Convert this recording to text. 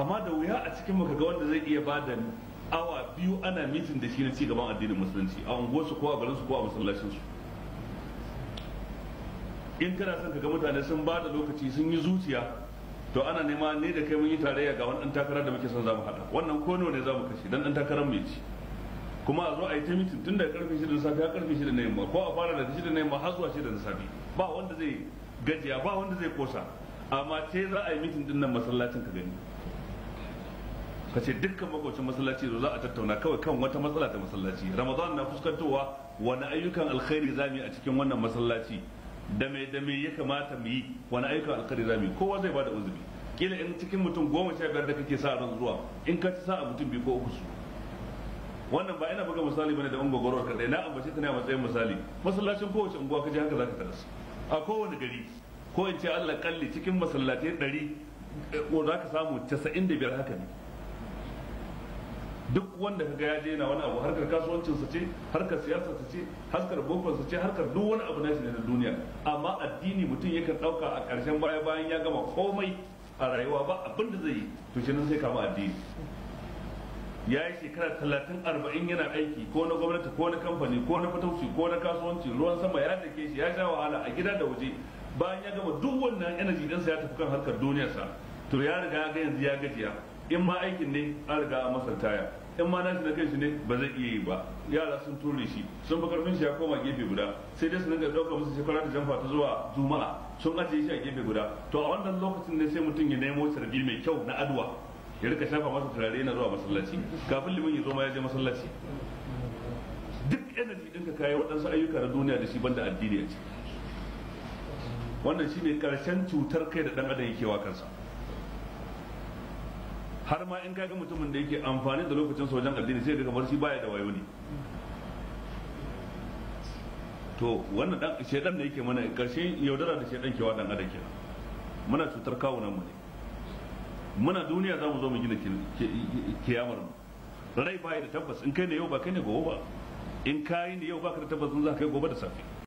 amma da wuya a cikin maka ga wanda zai iya bada awa biyu ana mitin da shi na cigaban addinin musulunci a unguwarsu ko a garinsu ko a masallacinsu in kana son ka ga mutane sun ba da lokaci sun yi zuciya to ana nema ne da kai mun yi tarayya ga wani dan takarar da muke son za mu haɗa wannan ko ne za mu kashe dan dan takarar mai ci kuma a zo a yi ta mitin tun daga karfe shida na safe har karfe da na yamma ko a fara daga da na yamma har zuwa shida na safe ba wanda zai gajiya ba wanda zai kosa amma ce za a yi mitin dinnan nan masallacin ka gani ka ce dukkan makwacin masallaci da za a tattauna kawai kan wata matsala ta masallaci ramadan na fuskantowa wani ayyukan alkhairi za mu yi a cikin wannan masallaci da me da me ya kamata mu yi wani ayyukan alkhairi za mu yi kowa zai bada uzuri kila in cikin mutum goma sha biyar da kake sa ran zuwa in ka ci a mutum biyu ko uku su wannan ba ina buga misali bane da ungogoro kadai na ambace ta ne a matsayin misali masallacin kowace unguwa kaje haka zaka su. a kowane gari ko in ce Allah kalli cikin masallatai 100 ko eh, zaka samu 95 haka ne duk wanda ka ga ya je yana wani abu harkar kasuwancin sa ce harkar siyasa sa ce harkar bokon sa ce harkar duk wani abu na shi na duniya amma addini mutum yakan dauka a karshen baya bayan ya gama komai a rayuwa ba abin da zai yi to shi sai kama addini ya yi shekara talatin arba'in yana aiki ko na gwamnati ko na kamfani ko na fatauci ko na kasuwanci ruwan sama ya dake shi ya sha wahala a gida da waje bayan ya gama duk wannan energy ɗinsa ya tafi kan harkar duniyarsa to ya riga ga yanzu ya gajiya in ma aikin ne an riga a masa taya in ma nashi na kai shi ne ba zai iya yi ba yara sun ture shi sun fi karfin shi ya koma gefe guda sai dai su dinga ɗauka musu shekara ta jamfa ta zuwa juma'a sun ajiye shi a gefe guda to a wannan lokacin ne sai mutum ya nemo sarbi mai kyau na adwa ya rika shafa masa turare yana zuwa masallaci kafin limin ya zo ma ya je masallaci duk energy dinka kai waɗansu ayyuka na duniya da shi banda addini a ciki wannan shine karshen cutar kai da ɗan adam yake wa kansa har ma in ga mutumin da yake amfani da lokacin sojan addini sai daga barci baya da wayo ne to wannan dan shedan ne yake mana karshe yaudara da shedan kewa dan adam kenan muna cutar nan mu ne muna duniya za mu zo mu gina kiyamar mu rai baya da tabbas in kai ne yau ba kai ne gobe ba in kai ne yau ba ka da tabbas in za ka kai gobe da safe